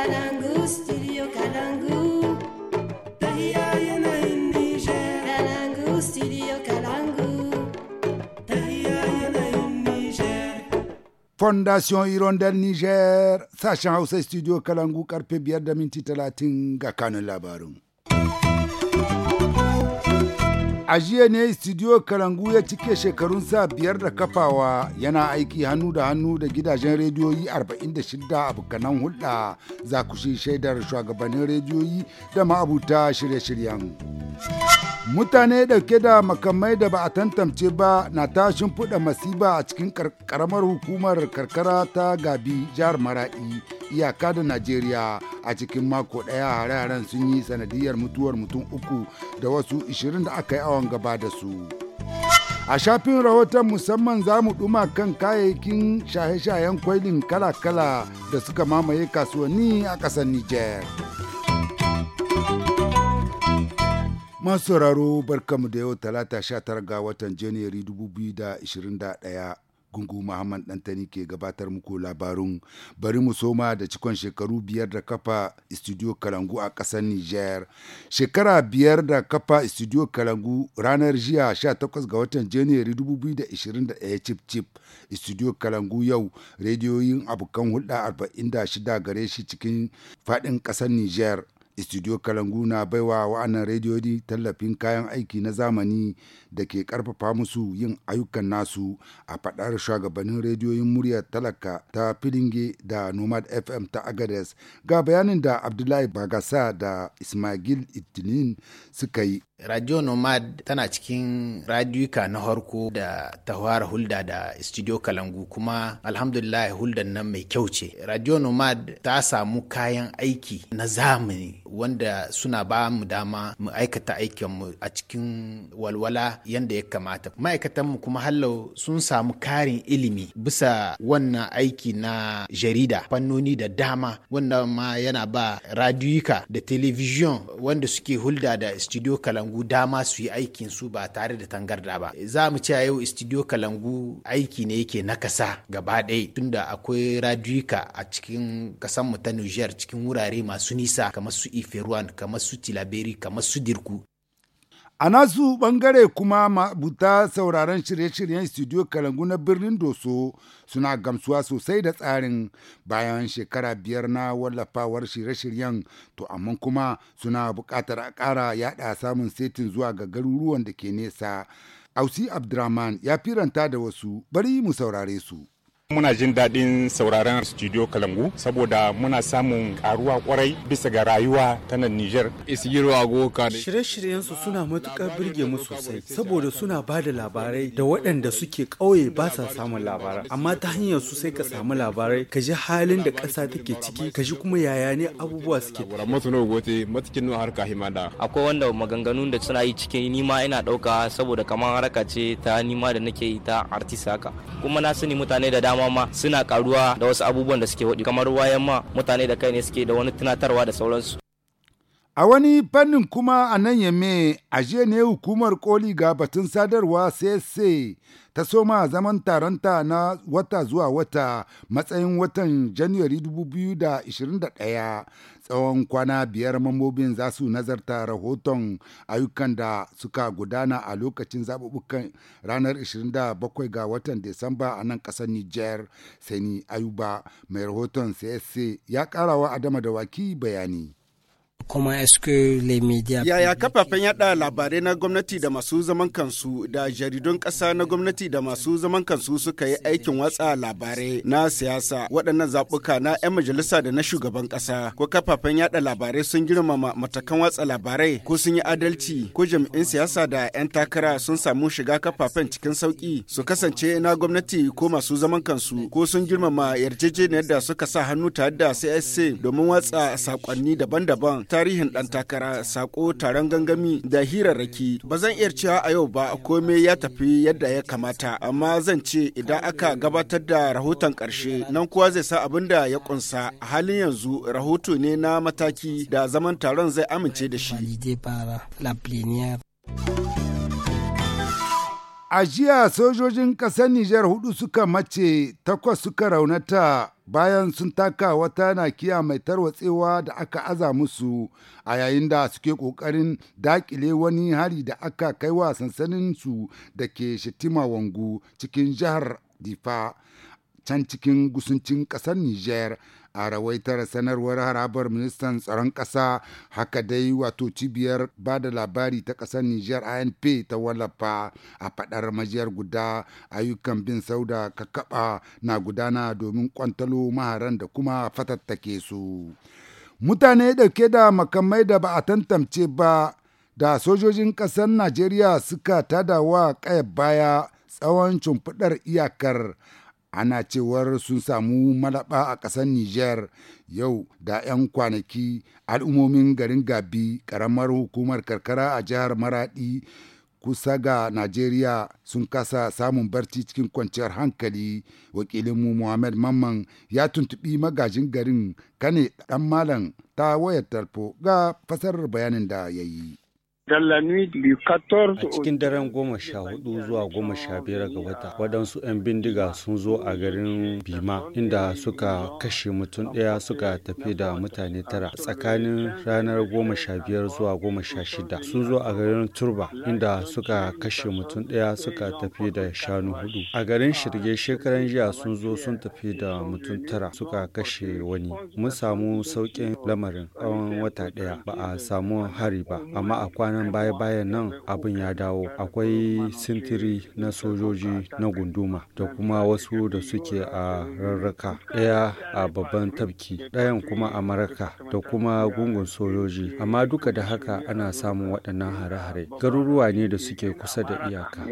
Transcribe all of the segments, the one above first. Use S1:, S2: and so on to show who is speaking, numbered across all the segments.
S1: Kalangu, studio Kalangu. Tahiya yana in Kalangu, studio Kalangu.
S2: Fondation Hirondelle Niger, sashen Hausa studio Kalangu karfe biyar da minti talatin ga kanun labarin. A jiya ne studio karangu ya cike shekarun sa biyar da kafawa yana aiki hannu da hannu da gidajen rediyoyi 46 a bukanan hulɗa za ku shi shaidar shugabannin rediyoyi da ma'abuta shirye-shiryen. Mutane dauke da makamai da ba a tantance ba na tashin fuda masiba a cikin karamar hukumar karkara ta Gabi jihar marai iyaka da Najeriya a cikin mako ɗaya hare-haren sun yi sanadiyar mutuwar mutum uku da wasu 20 da aka yi awon yawan gaba da su. A shafin rahoton musamman za mu ɗuma kan kayayyakin shaye-shayen kwailin kala-kala da suka mamaye kasuwanni a ƙasar Nijar. Masu sauraro barkamu da yau talata sha 19 ga watan Janairu 2021. gungu Muhammad Dantani ke gabatar muku labarun bari mu soma da cikon shekaru biyar da kafa studio Kalangu a ƙasar Niger. Shekara biyar da kafa studio Kalangu ranar jiya 18 ga watan Janairu 2021 cip cip studio Kalangu yau rediyoyin abokan hulɗa 46 gare shi cikin faɗin ƙasar Niger. Studio Kalangu na baiwa wa'annan rediyoyi tallafin kayan aiki na zamani da ke karfafa musu yin ayyukan nasu a faɗar shugabannin rediyoyin muryar talaka ta Filinge da Nomad FM ta Agades ga bayanin da Abdullahi Bagasa da Ismail
S3: Ittinin suka yi Radio Nomad tana cikin radiyuka na harko da ta hulda da Studio Kalangu kuma alhamdulillah huldan nan mai kyau ce. Radio Nomad ta samu kayan aiki na zamani wanda suna ba mu dama mu aikata mu a cikin walwala yadda ya kamata. mu kuma hallau sun samu karin ilimi bisa wannan aiki na jarida fannoni da dama wanda ma yana ba radiyuka da television wanda suke hulda da Studio Kalangu kalangu dama su yi aikin su ba tare da tangarda ba za mu ce yau studio kalangu aiki ne yake na kasa gaba ɗaya tunda akwai radiyuka a cikin kasan mu ta Niger cikin wurare masu nisa kamar su Iferuan kamar su Tilaberi
S2: kamar su Dirku A nasu ɓangare kuma mabuta sauraron shirye-shiryen studio Kalangu na birnin Doso suna gamsuwa sosai da tsarin bayan shekara biyar na wallafawar shirye-shiryen to amma kuma suna buƙatar a ƙara yada samun setin zuwa ga garuruwan da ke nesa. Ausi Abdurrahman ya firanta da wasu bari mu saurare su.
S3: Muna jin daɗin sauraron Studio Kalangu saboda muna samun karuwa kwarai bisa ga rayuwa ta nan Niger.
S1: Shirye-shiryen su suna matukar birge mu sosai saboda suna ba da labarai da waɗanda suke ƙauye ba sa samun labarai amma ta hanyar su sai ka samu labarai ka ji halin da ƙasa take ciki ka ji kuma yaya ne abubuwa suke. Akwai
S3: wanda maganganun da suna yi cikin nima ina ɗauka saboda kamar haraka ce ta nima da nake yi ta artist haka kuma na sani mutane da dama dama ma suna karuwa da wasu abubuwan da suke wadi kamar wayan ma mutane da kai ne suke da wani tunatarwa da sauransu
S2: A wani fannin kuma a nan yamme aje ne hukumar koli ga batun sadarwa sese ta soma zaman taronta na wata zuwa wata matsayin watan Janairu 2021 tsawon kwana biyar mambobin za su nazarta rahoton ayyukan da suka gudana a lokacin zaɓuɓɓukan ranar 27 ga watan Disamba a nan ƙasar Nijar Sani Ayuba mai rahoton sese ya ƙarawa Adama da waki bayani. kuma est le media Yaya
S3: kafafen yada labarai na gwamnati da masu zaman kansu da jaridun ƙasa na gwamnati da masu zaman kansu suka yi aikin watsa labarai na siyasa waɗannan zaɓuka na 'yan majalisa da na shugaban ƙasa ko kafafen yada labarai sun girmama matakan watsa labarai ko sun yi adalci ko jami'in siyasa da 'yan takara sun samu shiga kafafen cikin sauki su kasance na gwamnati ko masu zaman kansu ko sun girmama yarjejeniyar da suka sa hannu tare da CSC domin watsa saƙonni daban-daban ta tarihin ɗan takara sako taron gangami da hirarraki ba zan iya cewa a yau ba komai ya tafi yadda ya kamata amma zan ce idan aka gabatar da rahoton ƙarshe nan kuwa zai sa abin da ya kunsa a halin yanzu rahoto ne na mataki da zaman taron zai amince da shi. A
S2: jiya sojojin ƙasar Nijar hudu suka mace takwas suka raunata bayan sun taka wata nakiya mai tarwatsewa da aka aza musu a yayin da suke ƙoƙarin dakile wani hari da aka kai wa sansaninsu da ke shittima Wangu cikin jihar Difa can cikin gusuncin ƙasar nijer. a rawaitar sanarwar harabar ministan tsaron ƙasa haka dai wato cibiyar ba da labari ta ƙasar niger anp ta wallafa a faɗar majiyar guda ayyukan bin sauda kakaba na gudana domin kwantalo maharan da kuma fatattake su mutane dauke da makamai da ba a tantance ba da sojojin ƙasar najeriya suka tada wa kaya baya tsawon cumfudar iyakar ana cewar sun samu malaba a ƙasar niger yau da 'yan kwanaki al'ummomin garin Gabi ƙaramar hukumar karkara a jihar Maradi kusa ga Najeriya sun kasa samun barci cikin kwanciyar hankali wakilinmu Muhammad Mamman ya tuntubi magajin garin kane ɗan malam ta wayar tarfo ga fasarar bayanin da ya yi.
S1: A cikin daren goma sha hudu zuwa goma sha biyar ga wata, waɗansu 'yan bindiga sun zo a garin Bima inda suka kashe mutum ɗaya suka tafi da mutane tara tsakanin ranar goma sha biyar zuwa goma sha shida. Sun zo a garin Turba inda suka kashe mutum ɗaya suka tafi da shanu hudu. A garin Shirge shekaran jiya sun zo sun tafi da mutum tara suka kashe wani. Mun samu sauƙin lamarin tsawon wata ɗaya ba a samu hari ba, amma a kwana nan baya-bayan nan abin ya dawo akwai sintiri na sojoji na gunduma da kuma wasu da suke a rarraka ɗaya a babban tabki ɗayan kuma a maraka da kuma gungun sojoji amma duka da haka ana samun waɗannan hare-hare garuruwa ne da suke kusa da iyaka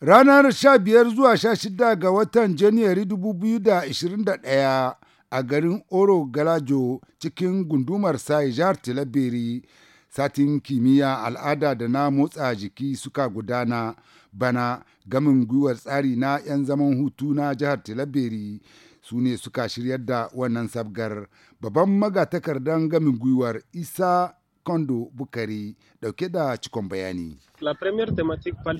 S2: ranar 15 zuwa 16 ga watan janairu 2021 a garin Oro Galajo cikin gundumar sai jihar Tilabiri. Satin kimiyya al'ada da na motsa jiki suka gudana bana gamin gwiwar tsari na 'yan zaman hutu na jihar Tilabiri su ne suka shiryar da wannan sabgar. Babban magatakardan gamin
S3: gwiwar Isa Kondo Bukari dauke da cikon bayani.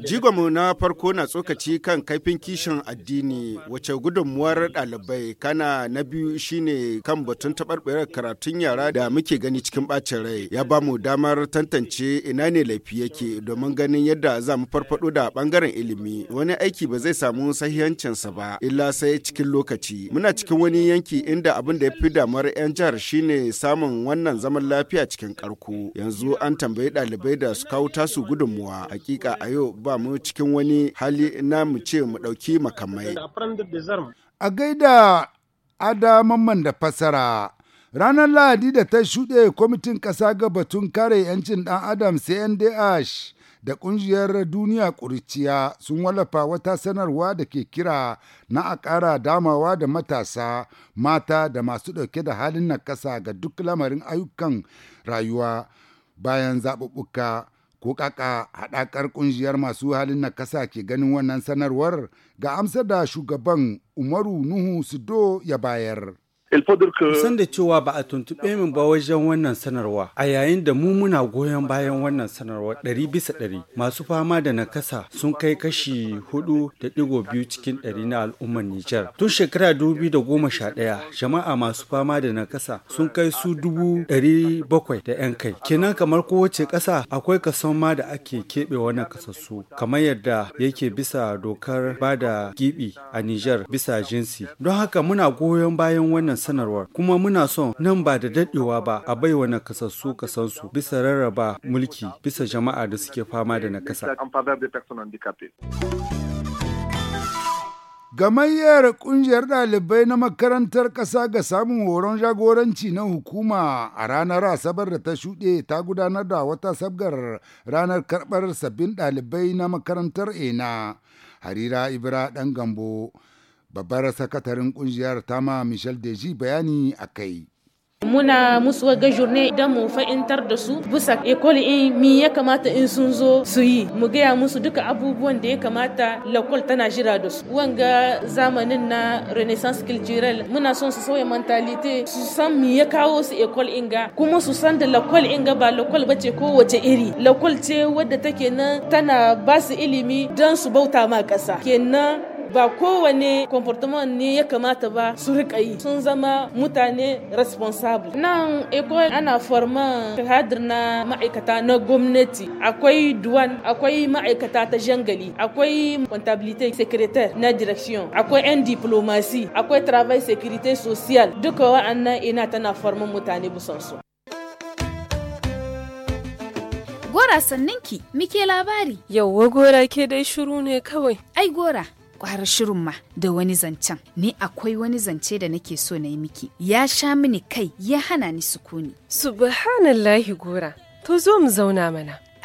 S3: Jigonmu na farko na tsokaci kan kaifin kishin addini wace gudunmuwar ɗalibai kana na biyu shine kan batun taɓarɓarar karatun yara da muke gani cikin ɓacin rai ya ba mu damar tantance ina ne laifi yake domin ganin yadda za mu farfaɗo da ɓangaren ilimi wani aiki ba zai samu sahihancinsa ba illa sai cikin lokaci muna cikin wani yanki inda abin da ya fi damar 'yan jihar shine samun wannan zaman lafiya cikin karko yanzu an tambayi ɗalibai ɗalibai da su kawo tasu gudunmuwa hakika a yau ba mu cikin wani hali na mu ce mu ɗauki makamai a gaida adamamman da fasara ranar lahadi da ta shuɗe
S2: kwamitin ƙasa ga batun kare 'yancin ɗan adam cndh da ƙungiyar duniya ƙuriciya sun wallafa wata sanarwa da ke kira na a ƙara damawa da matasa mata da masu ɗauke da halin na ƙasa ga duk lamarin ayyukan rayuwa bayan zaɓuɓɓuka ko ƙaƙa haɗakar ƙungiyar masu halin na ƙasa ke ganin wannan sanarwar ga amsar da shugaban umaru nuhu sudo ya bayar.
S1: San da cewa ba a tuntuɓe min ba wajen wannan sanarwa a yayin da mu muna goyon bayan wannan sanarwa ɗari bisa ɗari masu fama da nakasa sun kai kashi hudu da ɗigo biyu cikin ɗari na al'ummar Nijar. Tun shekara dubu da goma sha ɗaya jama'a masu fama da nakasa sun kai su dubu ɗari bakwai da yan kai. Kenan kamar kowace ƙasa akwai kason ma da ake keɓe wannan kasassu kamar yadda yake bisa dokar ba da giɓi a Nijar bisa jinsi. Don haka muna goyon bayan wannan wannan sanarwar kuma muna son nan ba da daɗewa ba a baiwa nakasassu kasansu bisa rarraba mulki bisa jama'a da suke fama da nakasa. Gamayyar kungiyar
S2: ɗalibai na makarantar ƙasa ga samun horon jagoranci na hukuma a ranar Asabar da ta shuɗe ta gudanar da wata sabgar ranar karɓar sabbin ɗalibai na makarantar ENA. Harira Ibra ɗan Gambo babbar sakatarin kungiyar tama michel deji bayani a kai
S3: muna musu ga jurne idan mu fa'intar da su bisa ekol in mi ya kamata in sun zo su yi mu gaya musu duka abubuwan da ya kamata lakol tana jira da su wanga zamanin na renaissance culturelle muna son su sauya mentalite su san mi ya kawo su ekol ga. kuma su san da lakol ga ba lakol bace kowace iri lakol ce wadda take nan tana ba su ilimi don su bauta ma kasa. kenan ba kowane comportement ne ya kamata ba su rika yi sun zama mutane responsable nan eko ana forma hadir na ma'aikata na gwamnati akwai duwan akwai ma'aikata ta jangali akwai comptabilité secrétaire na direction akwai yan diplomasi
S2: akwai travail sécurité social duka wa'annan ina tana forma mutane busan su
S3: Gora sanninki, muke labari. Yauwa gora ke dai shiru ne kawai. Ai gora, kwara shirin ma da wani zancen ni akwai wani zance da nake so na yi miki ya sha mini kai ya hana ni sukuni subhanallahi gora to zo mu zauna mana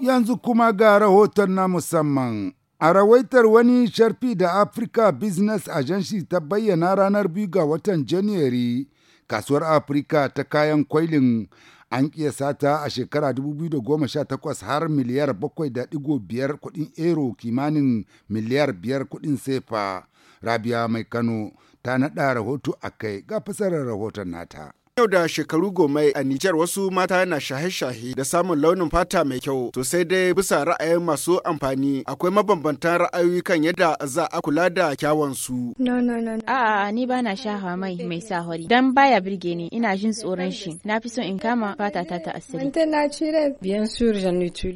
S2: yanzu kuma ga rahoton na musamman. A rawaitar wani sharfi da Africa Business Agency ta bayyana ranar biyu ga watan Janairu, kasuwar Africa ta kayan kwailin an kiyasa ta a shekara 2018 har miliyar 7.5 kudin euro kimanin miliyar 5 kudin sefa. Rabia Mai Kano ta naɗa rahoto a kai ga fasarar rahoton nata.
S3: Yau da shekaru goma a Nijar wasu mata na shahe-shahe da samun launin fata mai kyau. To sai dai bisa ra'ayin masu amfani akwai mabambantan ra'ayoyi kan yadda za a kula da kyawun su.
S1: A'a ni ba na shahawa mai mai sa hori. Dan baya birge ni ina jin tsoron shi. Na fi son in kama fata ta ta asiri. Bien sûr,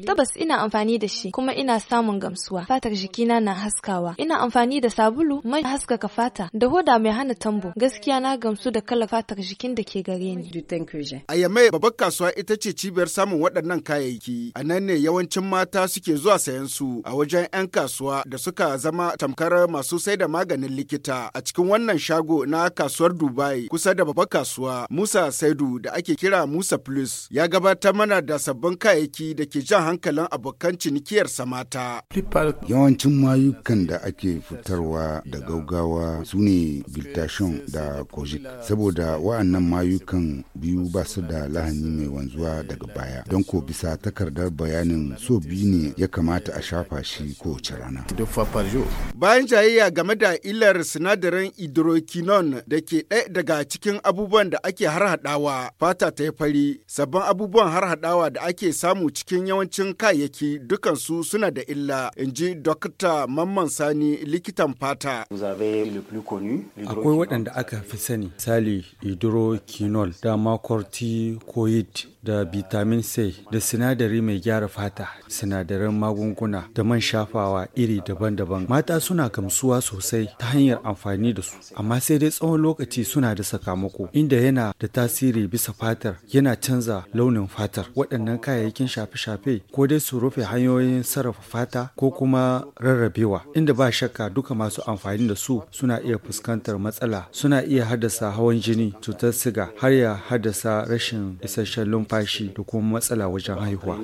S1: Tabbas ina amfani da shi kuma ina
S3: samun gamsuwa. Fatar jikina na haskawa. Ina amfani da sabulu mai haskaka fata da hoda mai hana tambo. Gaskiya na gamsu da kala fatar jikin da ke gari. gare ni. A Yamai babbar kasuwa ita ce cibiyar samun waɗannan kayayyaki. A nan ne yawancin mata suke zuwa sayan su a wajen 'yan kasuwa da suka zama tamkar masu sai da maganin likita. A cikin wannan shago na kasuwar Dubai kusa da babbar kasuwa Musa Saidu da ake kira Musa Plus ya gabatar mana da sabbin kayayyaki da ke jan hankalin abokan cinikiyar samata.
S2: Yawancin mayukan da ake fitarwa da gaugawa su ne Biltashon da Kojik saboda wa'annan mayu ayyukan biyu ba su da lahani
S3: mai wanzuwa daga baya don ko bisa takardar bayanin so biyu ne ya kamata a shafa shi kowace rana. Bayan jayayya game da illar sinadarin hydroquinone da ke ɗaya daga cikin abubuwan da ake harhaɗawa fata ta yi fari sabbin abubuwan harhaɗawa da ake samu cikin yawancin kayayyaki dukansu suna da illa in ji Dokta Mamman Sani likitan fata. Akwai
S1: waɗanda aka fi sani misali quinol da makwar t da vitamin C da sinadari mai gyara fata, sinadaran magunguna da man shafawa iri daban-daban. Mata suna gamsuwa sosai ta hanyar amfani da su, amma sai dai tsawon lokaci suna da sakamako, inda yana da tasiri bisa fatar yana canza launin fatar. Waɗannan kayayyakin shafe-shafe ko dai su rufe hanyoyin sarrafa fata ko kuma rarrabewa, inda ba shakka duka masu amfani da su suna iya fuskantar matsala, suna iya haddasa hawan jini, cutar siga, har ya haddasa rashin isasshen lumfa numfashi da kuma matsala wajen haihuwa.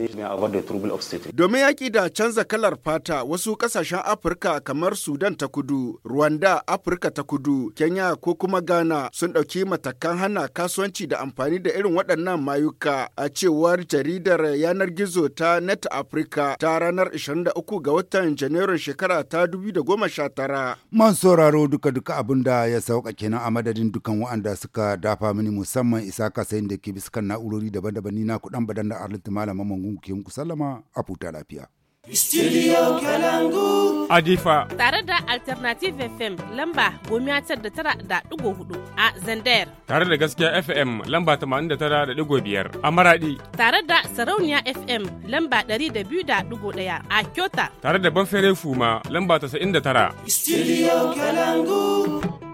S1: Domin yaƙi da canza kalar
S3: fata wasu ƙasashen Afirka kamar Sudan ta kudu, Rwanda, Afirka ta kudu, Kenya ko kuma Ghana sun ɗauki matakan hana kasuwanci da amfani da irin waɗannan mayuka a cewar jaridar yanar gizo ta Net Africa ta ranar 23 ga watan Janairun shekara ta 2019.
S2: Man sauraro duka-duka abin da ya sauka kenan a madadin dukan waɗanda suka dafa mini musamman isa kasayin da ke bisa na'urori daban da bani na kudan badan da arliti malama mangun ke muku sallama a futa lafiya.
S3: Studio Kalangu. Adifa. Tare da Alternative FM lamba gomiya tar da tara da ɗigo hudu a Zandayar. Tare da gaskiya FM lamba tamanin da tara da ɗigo biyar a Maradi. Tare da Sarauniya FM lamba ɗari da biyu da ɗigo ɗaya a Kyota. Tare da Banfere Fuma lamba tasa'in da tara.
S1: Studio Kalangu.